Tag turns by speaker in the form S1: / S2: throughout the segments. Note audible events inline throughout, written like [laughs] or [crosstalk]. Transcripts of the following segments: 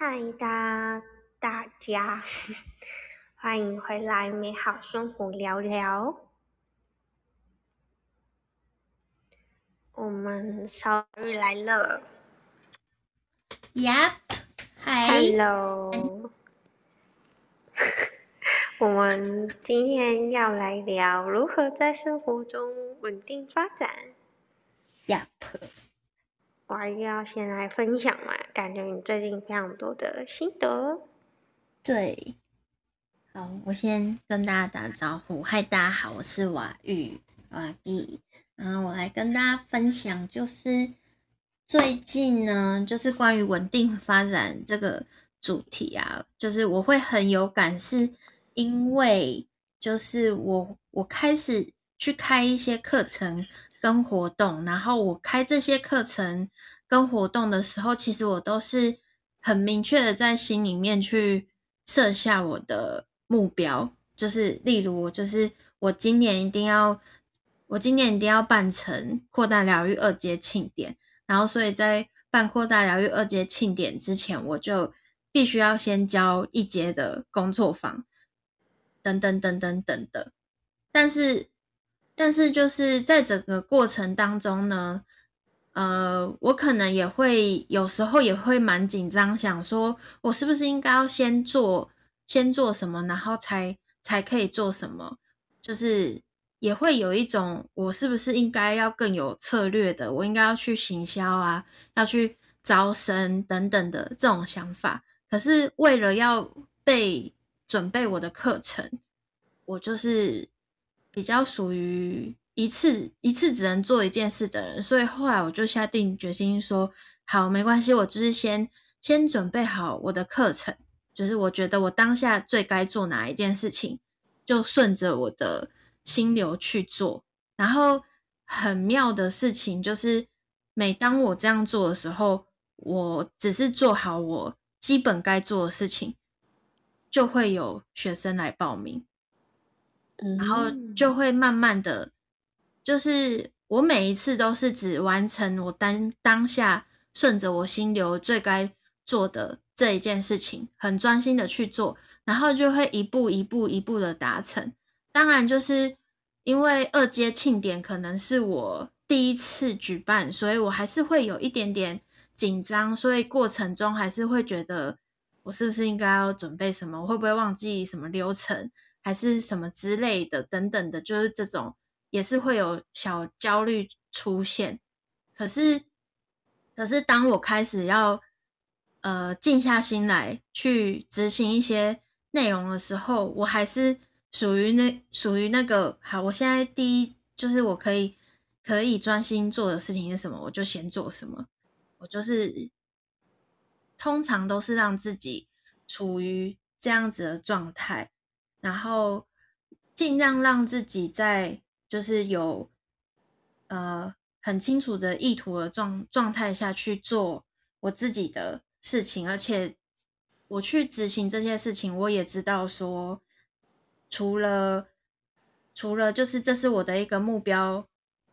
S1: 嗨噠，大家，歡迎回來美好生活聊療。我們瓦遇來了，呀，嗨，Hello， [laughs] 我們今天要來聊如何在生活中穩定發展。呀。Yep. 我要先來分享嘛？感覺你最近非常多的心得。對，好，我先跟大家打招呼。嗨，大家好，我是瓦遇，瓦遇。嗯，我來跟大家分享，就是最近呢，就是關於穩定發展這個主題啊，就是我會很有感，是因為就是我我開始去開一些課程。跟活動，然後我開這些課程跟活動的時候，其實我都是很明確的在心裡面去設下我的目標，就是例如我就是我今年一定要，我今年一定要辦成擴大療癒二階慶典，然後所以在辦擴大療癒二階慶典之前，我就必須要先教一階的工作坊，等等等等等等，但是。但是就是在整個過程當中呢，呃，我可能也會有時候也會蠻緊張，想說我是不是應該要先做先做什麼，然後才才可以做什麼，就是也會有一種我是不是應該要更有策略的，我應該要去行銷啊，要去招生等等的這種想法。可是為了要被準備我的課程，我就是。比較屬於一次一次只能做一件事的人，所以後來我就下定決心說：“好，沒關係，我就是先先準備好我的課程，就是我覺得我當下最該做哪一件事情，就順着我的心流去做。然後很妙的事情就是，每當我這樣做的時候，我只是做好我基本該做的事情，就會有學生來報名。”然後就會慢慢的，就是我每一次都是只完成我當當下順着我心流最該做的這一件事情，很專心的去做，然後就會一步一步一步的達成。當然，就是因為二階慶典可能是我第一次舉辦，所以我還是會有一點點緊張，所以過程中還是會覺得我是不是應該要準備什麼，我會不會忘記什麼流程。還是什麼之類的，等等的，就是這種也是會有小焦慮出現。可是，可是當我開始要呃靜下心來去執行一些內容的時候，我還是屬於那屬於那個，好，我現在第一，就是我可以可以專心做的事情是什麼，我就先做什麼。我就是，通常都是讓自己處於這樣子的狀態。然後盡量讓自己在就是有呃很清楚的意圖的狀狀態下去做我自己的事情，而且我去執行這件事情，我也知道說除了除了就是這是我的一個目標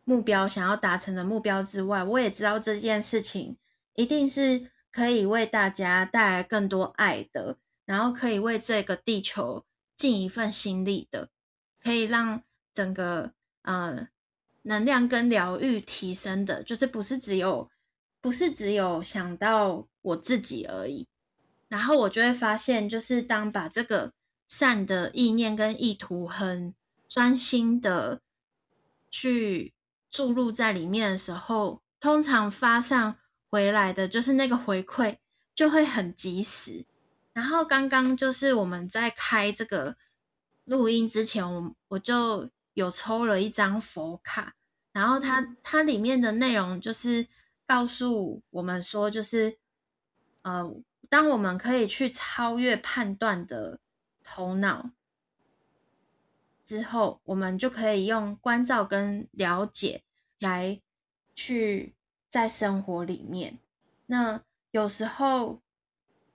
S1: 目標想要達成的目標之外，我也知道這件事情一定是可以為大家帶來更多愛的，然後可以為這個地球。盡一份心力的，可以讓整個呃能量跟療癒提升的，就是不是只有不是只有想到我自己而已。然後我就會發現，就是當把這個善的意念跟意圖很專心的去注入在裡面的時候，通常發上回來的就是那個回饋就會很及時。然後剛剛就是我們在開這個錄音之前我，我我就有抽了一張佛卡，然後它它裡面的內容就是告訴我們說，就是呃，當我們可以去超越判斷的頭腦之後，我們就可以用觀照跟了解來去在生活裡面。那有時候。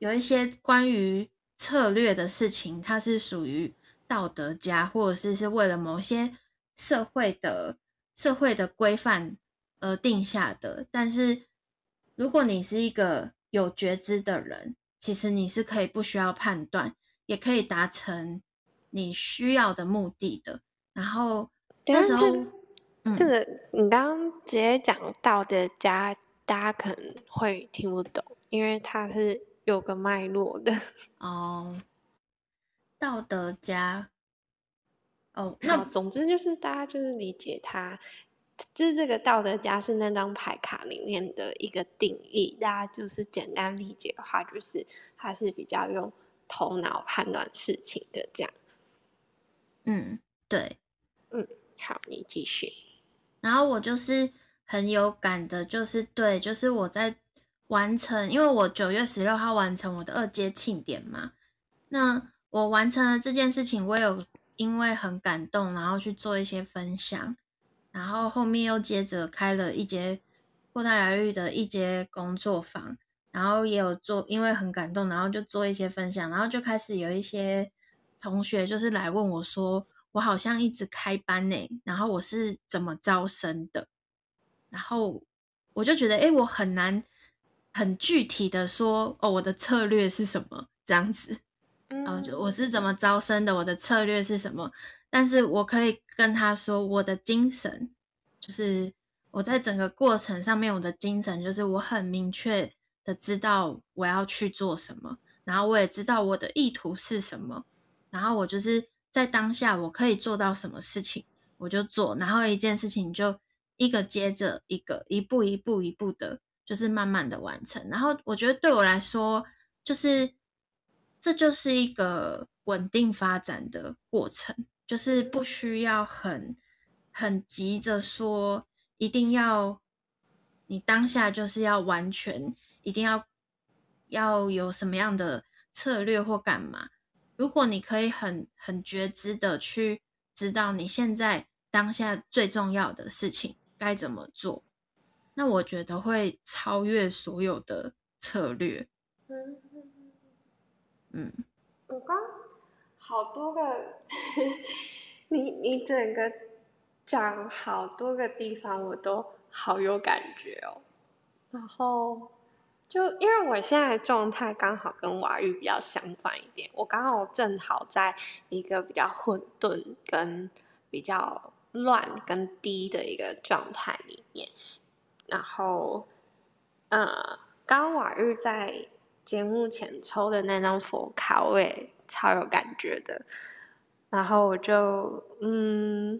S1: 有一些關於策略的事情，它是屬於道德家，或者是是為了某些社會的社會的規範而定下的。但是，如果你是一個有覺知的人，其實你是可以不需要判斷，也可以達成你需要的目的的。然後來那時候，就嗯、這個你剛剛直接講道德家，大家可能會聽不懂，因為他是。有個脈絡的哦，oh, 道德家哦，oh, 好那總之就是大家就是理解他，就是這個道德家是那張牌卡裡面的一個定義。大家就是簡單理解的話，就是他是比較用頭腦判斷事情的這樣。嗯，對，嗯，好，你繼續。然後我就是很有感的，就是對，就是我在。完成，因為我九月十六號完成我的二階慶典嘛，那我完成了這件事情，我有因為很感動，然後去做一些分享，然後後面又接着開了一階擴大療癒的一階工作坊，然後也有做，因為很感動，然後就做一些分享，然後就開始有一些同學就是來問我說，說我好像一直開班呢、欸，然後我是怎麼招生的，然後我就覺得，誒、欸、我很難。很具體的說，哦，我的策略是什麼這樣子，嗯，就我是怎麼招生的，我的策略是什麼？但是我可以跟他說，我的精神就是我在整個過程上面，我的精神就是我很明確的知道我要去做什麼，然後我也知道我的意圖是什麼，然後我就是在當下我可以做到什麼事情我就做，然後一件事情就一個接着一個，一步一步一步的。就是慢慢的完成，然後我覺得對我來說，就是這就是一個穩定發展的過程，就是不需要很很急着說一定要你當下就是要完全一定要要有什麼樣的策略或幹嘛。如果你可以很很覺知的去知道你現在當下最重要的事情該怎麼做。那我覺得會超越所有的策略。嗯嗯，我剛好多個，呵呵，你你整個講好多個地方，我都好有感覺哦。然後，就因為我現在的狀態剛好跟瓦遇比較相反一點，我剛好正好在一個比較混沌，跟比較亂，跟低的一個狀態裡面。然後，呃，剛剛瓦遇，在節目前抽的那張佛卡位，位超有感覺的。然後我就，嗯，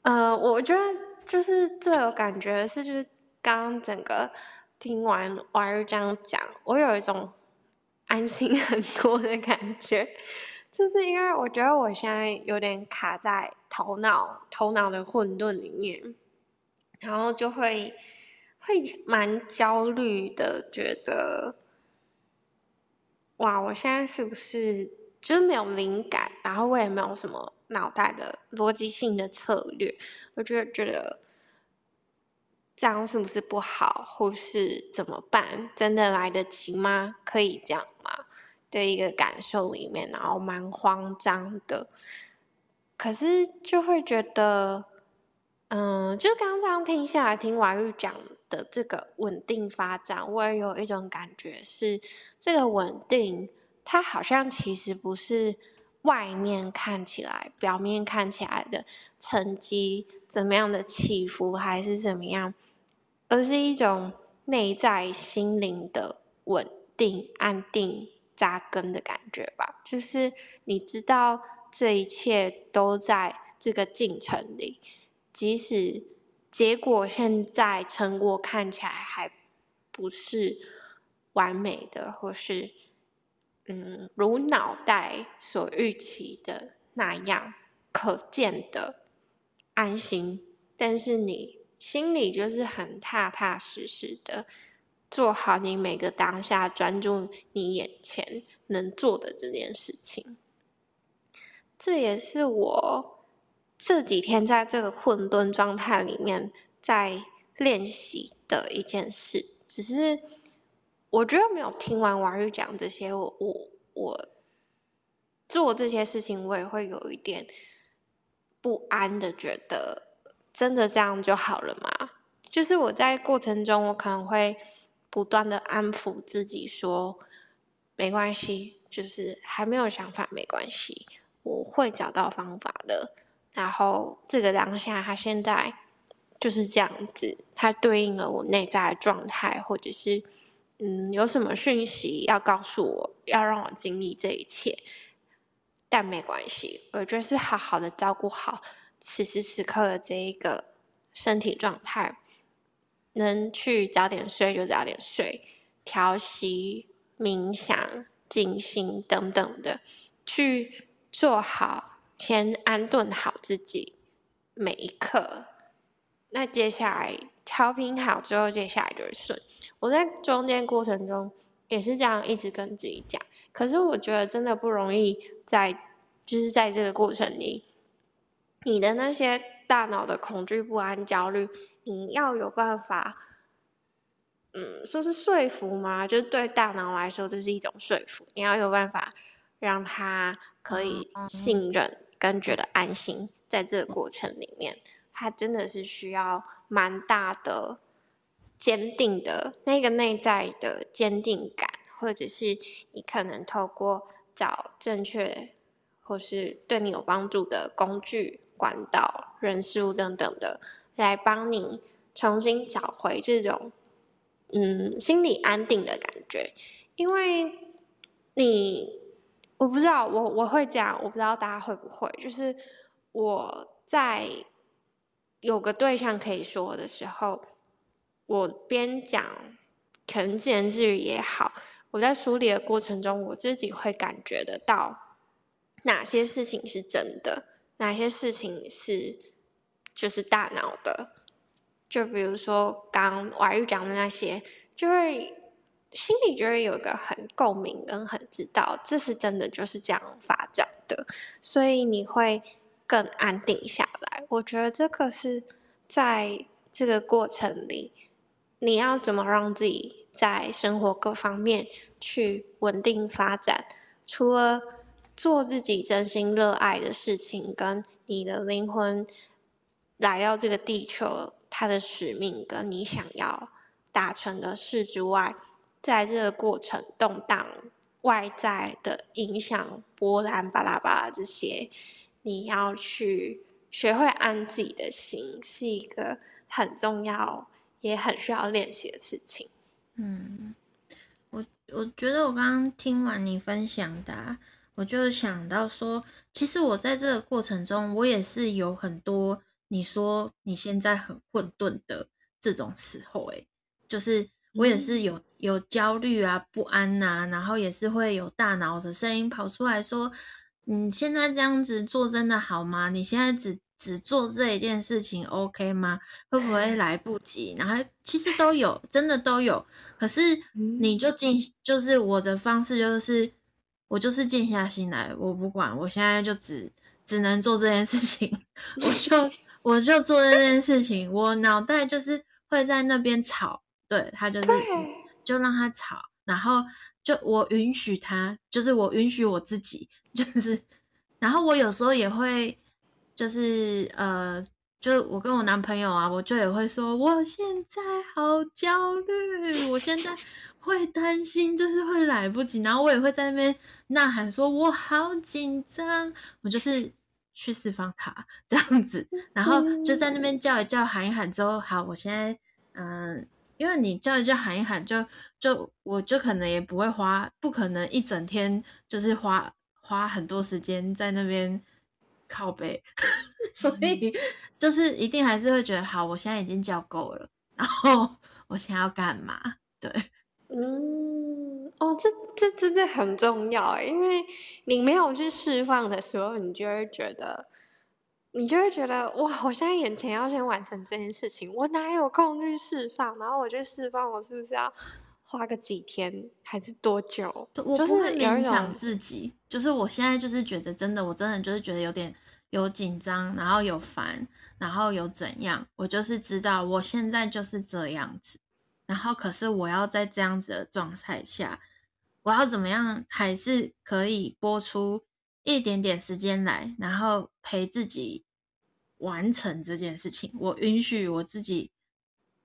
S1: 呃，我覺得就是最有感覺的是，就是剛整個聽完瓦遇這樣講，我有一種安心很多的感覺，就是因為我覺得我現在有點卡在頭腦、頭腦的混沌裡面。然後就會會蠻焦慮的，覺得哇，我現在是不是真、就是、沒有靈感？然後我也沒有什麼腦袋的邏輯性的策略，我就覺得，覺得這樣是不是不好？或是怎麼辦？真的來得及嗎？可以這樣嗎？的一個感受裡面，然後蠻慌張的，可是就會覺得。嗯，就剛剛聽下來，聽瓦遇講的這個穩定發展，我也有一種感覺是，這個穩定，它好像其實不是外面看起來、表面看起來的成績怎麼樣的起伏，還是怎麼樣，而是一種內在心靈的穩定、安定、紮根的感覺吧。就是你知道，這一切都在這個進程裡。即使結果現在成果看起來還不是完美的，或是嗯如腦袋所預期的那樣可見的安心，但是你心裡就是很踏踏實實的做好你每個當下，專注你眼前能做的這件事情。這也是我。這幾天在這個混沌狀態裡面，在練習的一件事，只是我覺得沒有聽完瓦遇講這些，我我我做這些事情，我也會有一點不安的，覺得真的這樣就好了嗎？就是我在過程中，我可能會不斷的安撫自己說，沒關係，就是還沒有想法，沒關係，我會找到方法的。然後，這個當下，它現在就是這樣子，它對應了我內在的狀態，或者是嗯，有什麼訊息要告訴我，要讓我經歷這一切。但沒關係，我就是好好的照顧好此時此刻的這一個身體狀態，能去早點睡就早點睡，調息、冥想、靜心等等的，去做好。先安頓好自己，每一刻。那接下來調平好之後，接下來就是順。我在中間過程中也是這樣一直跟自己講。可是我覺得真的不容易在，在就是在這個過程裡，你的那些大腦的恐懼、不安、焦慮，你要有辦法，嗯，說是說服嗎？就是對大腦來說，這是一種說服。你要有辦法讓他可以信任。嗯更覺得安心，在這個過程裡面，他真的是需要蠻大的、堅定的那個內在的堅定感，或者是你可能透過找正確或是對你有幫助的工具、管道、人事物等等的，來幫你重新找回這種嗯心理安定的感覺，因為你。我不知道，我我會講，我不知道大家會不會。就是我在有個對象可以說的時候，我邊講，可能自言自語也好，我在梳理的過程中，我自己會感覺得到哪些事情是真的，哪些事情是就是大腦的。就比如說剛剛瓦遇講的那些，就會。心裡就會有一個很共鳴跟很知道，這是真的就是這樣發展的，所以你會更安定下來。我覺得這個是在這個過程裡，你要怎麼讓自己在生活各方面去穩定發展？除了做自己真心熱愛的事情，跟你的靈魂來到這個地球它的使命，跟你想要達成的事之外。在這個過程動盪、外在的影響、波瀾巴拉巴拉這些，你要去學會安自己的心，是一個很重要也很需要練習的事情。嗯，我我覺得我剛剛聽完你分享的啊，我就想到說，其實我在這個過程中，我也是有很多你說你現在很混沌的這種時候，欸，哎，就是。我也是有有焦慮啊、不安吶、啊，然後也是會有大腦的聲音跑出來說：“你現在這樣子做真的好嗎？你現在只只做這一件事情，OK 嗎？會不會來不及？然後其實都有，真的都有。可是你就靜，就是我的方式就是我就是靜下心來，我不管，我現在就只只能做這件事情， [laughs] 我就我就做這件事情，我腦袋就是會在那邊吵。”對他就是，對就讓他吵，然後就我允許他，就是我允許我自己，就是，然後我有時候也會，就是呃，就我跟我男朋友啊，我就也會說我現在好焦慮，我現在會擔心，就是會來不及，然後我也會在那邊吶喊說，說我好緊張，我就是去釋放他這樣子，然後就在那邊叫一叫，喊一喊之後，好，我現在嗯。呃因為你叫一叫喊一喊，就，就就我就可能也不會花，不可能一整天就是花花很多時間在那邊靠北， [laughs] 所以就是一定還是會覺得好，我現在已經叫夠了，然後我想要幹嘛？對，嗯，哦，這這這這很重要，因為你沒有去釋放的時候，你就會覺得。你就會覺得哇，我現在眼前要先完成這件事情，我哪有空去釋放？然後我就釋放，我是不是要花個幾天還是多久？我不會勉強自己，就是， [noise] 就是我現在就是覺得真的，我真的就是覺得有點有緊張，然後有煩，然後有怎樣？我就是知道我現在就是這樣子，然後可是我要在這樣子的狀態下，我要怎麼樣還是可以播出？一點點時間來，然後陪自己完成這件事情。我允許我自己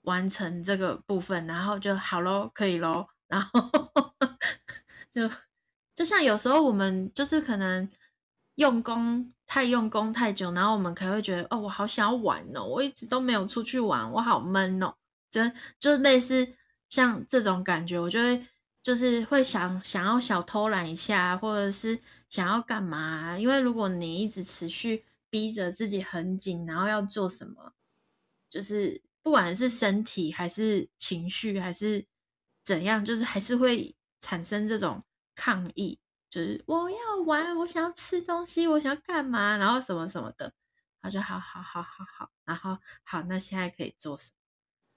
S1: 完成這個部分，然後就好咯，可以咯。然後 [laughs] 就就像有時候我們就是可能用功太用功太久，然後我們可能會覺得哦，我好想要玩哦，我一直都沒有出去玩，我好悶哦。真就，就類似像這種感覺，我就會就是會想想要小偷懶一下，或者是。想要幹嘛啊？因為如果你一直持續逼着自己很緊，然後要做什麼，就是不管是身體還是情緒還是怎樣，就是還是會產生這種抗議，就是我要玩，我想要吃東西，我想要幹嘛，然後什麼什麼的。他說：好好好好好，然後好，那現在可以做什麼？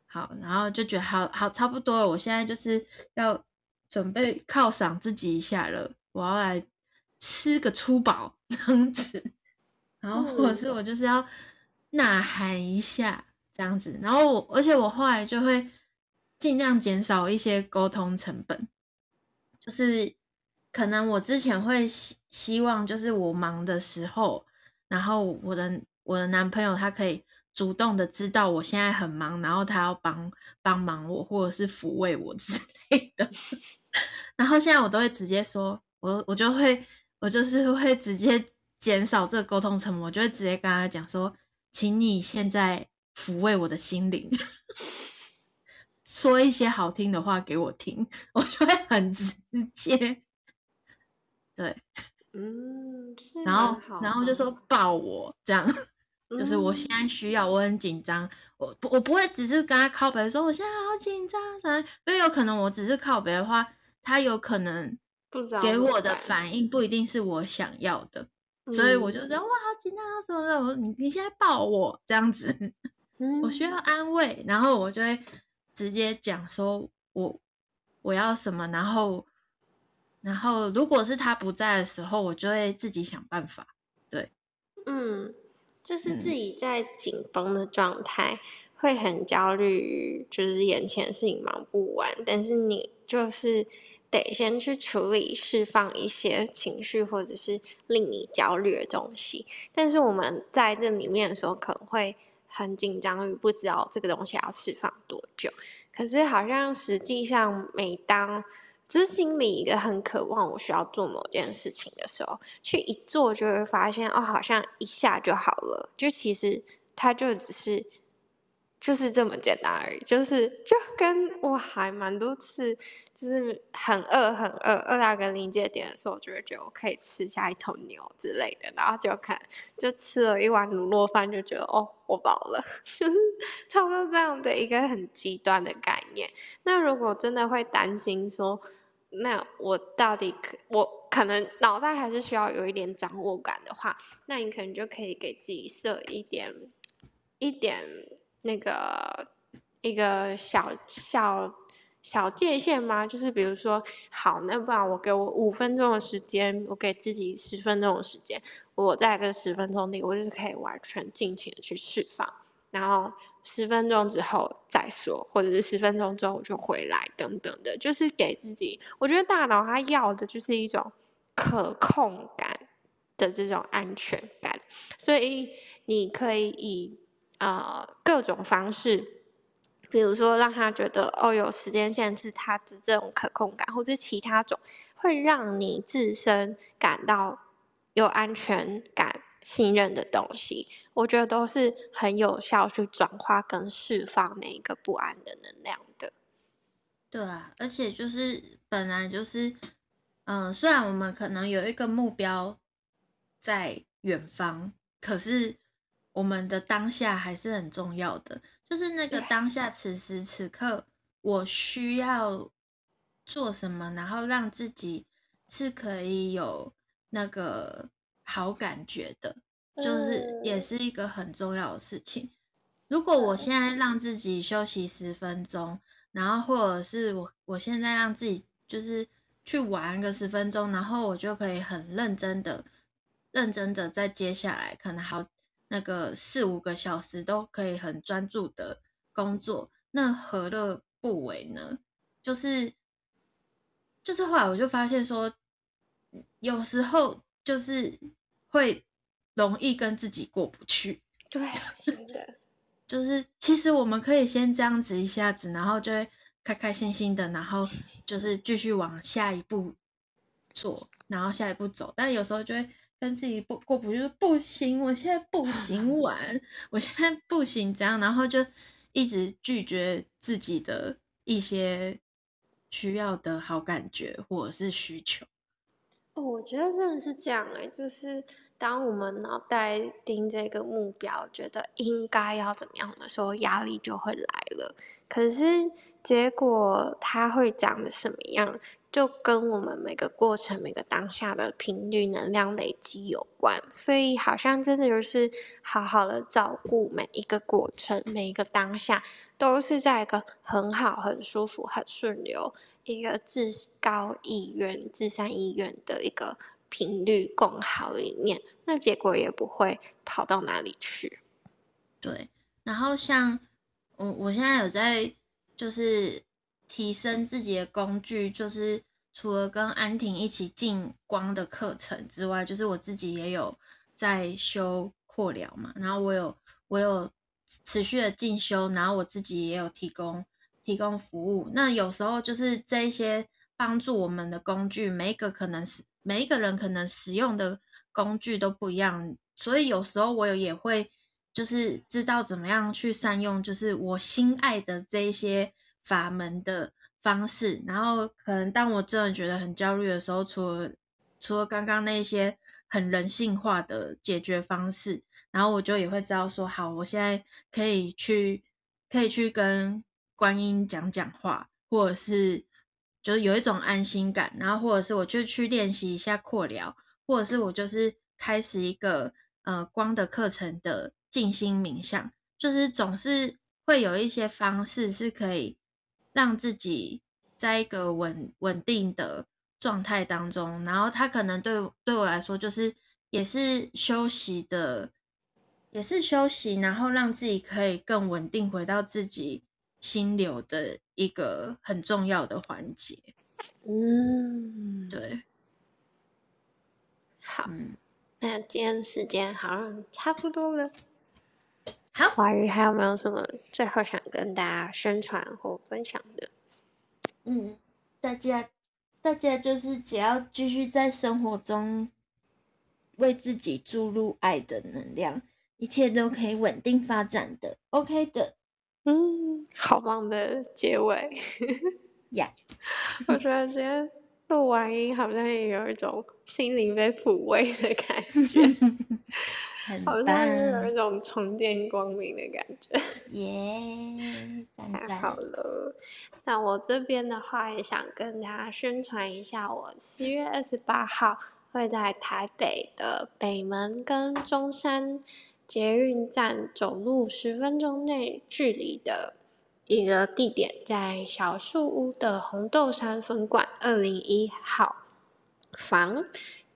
S1: 好，然後就覺得好好差不多了。我現在就是要準備犒賞自己一下了，我要來。吃個粗飽這樣子，然後或者是我就是要吶喊一下這樣子，然後我而且我後來就會盡量減少一些溝通成本，就是可能我之前會希希望就是我忙的時候，然後我的我的男朋友他可以主動的知道我現在很忙，然後他要幫幫忙我或者是撫慰我之類的，然後現在我都會直接說，我我就會，我就是會直接減少這個溝通成本，我就會直接跟他講說：“請你現在撫慰我的心靈，說一些好聽的話給我聽。”我就會很直接，對，嗯。啊、然後，然後就說抱我，這樣就是我現在需要，嗯、我很緊張，我我不會只是跟他靠北說我現在好緊張，因為有可能我只是靠北的話，他有可能。給我的反應不一定是我想要的，嗯、所以我就說哇，好緊張啊，麼我你你現在抱我這樣子，嗯、我需要安慰。然後我就會直接講說我，我我要什麼。然後然後如果是他不在的時候，我就會自己想辦法。對，嗯，就是自己在緊繃的狀態，嗯、會很焦慮，就是眼前的事情忙不完。但是你就是。得先去處理、釋放一些情緒，或者是令你焦慮的東西。但是我們在這裡面的時候，可能會很緊張，不知道這個東西要釋放多久。可是好像實際上，每當執行心裡一個很渴望，我需要做某件事情的時候，去一做就會發現，哦，好像一下就好了。就其實它就只是。就是這麼簡單而已，就是就跟我還蠻多次，就是很餓很餓，餓到個臨界點的時候，就會覺得我可以吃下一頭牛之類的，然後就看就吃了一碗滷肉飯，就覺得哦，我飽了，就是差不多這樣的一個很極端的概念。那如果真的會擔心說，那我到底可我可能腦袋還是需要有一點掌握感的話，那你可能就可以給自己設一點一點。那個一個小小小界限嗎？就是比如說，好，那不然我給我五分鐘的時間，我給自己十分鐘的時間，我在這十分鐘裡，我就是可以完全盡情的去釋放。然後十分鐘之後再說，或者是十分鐘之後我就回來，等等的，就是給自己。我覺得大腦它要的就是一種可控感的這種安全感，所以你可以以。呃，各種方式，比如說讓他覺得哦，有時間限制，他的這種可控感，或者其他種，會讓你自身感到有安全感、信任的東西，我覺得都是很有效去轉化跟釋放那個不安的能量的。對啊，而且就是本來就是，嗯、呃，雖然我們可能有一個目標在遠方，可是。我們的當下還是很重要的，就是那個當下，此時此刻，我需要做什麼，然後讓自己是可以有那個好感覺的，就是也是一個很重要的事情。如果我現在讓自己休息十分鐘，然後或者是我我現在讓自己就是去玩個十分鐘，然後我就可以很認真的、認真的在接下來可能好。那個四五個小時都可以很專注的工作，那何樂不為呢？就是就是後來我就發現說，有時候就是會容易跟自己過不去。對，真的。 [laughs] 就是其實我們可以先這樣子一下子，然後就會開開心心的，然後就是繼續往下一步做，然後下一步走。但有時候就會。跟自己不過不就是不行？我現在不行，玩，我現在不行，這樣？然後就一直拒絕自己的一些需要的好感覺或者是需求。我覺得真的是這樣哎、欸，就是當我們腦袋盯這個目標，覺得應該要怎麼樣的時候，壓力就會來了。可是結果它會長得什麼樣？就跟我們每個過程、每個當下的頻率、能量累積有關，所以好像真的就是好好的照顧每一個過程、每一個當下，都是在一個很好、很舒服、很順流、一個至高意願、至善意願的一個頻率共好裡面，那結果也不會跑到哪裡去。對，然後像我，我現在有在就是。提升自己的工具，就是除了跟安婷一起進光的課程之外，就是我自己也有在修擴療嘛，然後我有我有持續的進修，然後我自己也有提供提供服務。那有時候就是這一些幫助我們的工具，每一個可能是每一個人可能使用的工具都不一樣，所以有時候我有也會就是知道怎麼樣去善用，就是我心愛的這一些。法門的方式，然後可能當我真的覺得很焦慮的時候，除了除了剛剛那些很人性化的解決方式，然後我就也會知道說，好，我現在可以去可以去跟觀音講講話，或者是就是有一種安心感，然後或者是我就去練習一下擴療，或者是我就是開始一個呃光的課程的靜心冥想，就是總是會有一些方式是可以。讓自己在一個穩穩定的狀態當中，然後他可能對對我來說，就是也是休息的，也是休息，然後讓自己可以更穩定回到自己心流的一個很重要的環節。嗯，對，好，那今天時間好，差不多了。瓦遇，好還有沒有什麼最後想跟大家宣傳或分享的？嗯，大家，大家就是只要繼續在生活中為自己注入愛的能量，一切都可以穩定發展的，OK 的。嗯，好棒的結尾 [laughs] Yeah. 我突然覺得錄完音好像也有一種心靈被撫慰的感覺。 [laughs] 好像是有一種重見光明的感覺，耶，Yeah, [laughs] 太好了。那我這邊的話，也想跟大家宣傳一下我，我十月二十八號會在台北的北門跟中山捷運站走路十分鐘內距離的一個地點，在小樹屋的紅豆杉分館二零一號房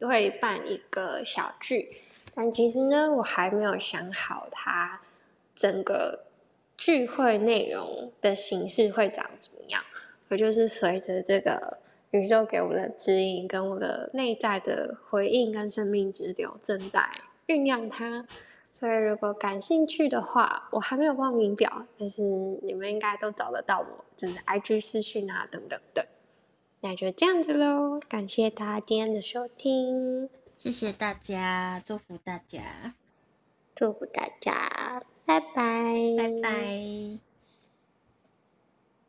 S1: 會辦一個小聚。但其實呢，我還沒有想好它整個聚會內容的形式會長怎麼樣。我就是隨着這個宇宙給我的指引，跟我的內在的回應，跟生命之流正在醞釀它。所以，如果感興趣的話，我還沒有報名表，但是你們應該都找得到我，就是 IG 私訊啊，等等的。那就這樣子嘍，感謝大家今天的收聽。謝謝大家，祝福大家，祝福大家，拜拜，拜拜。拜拜。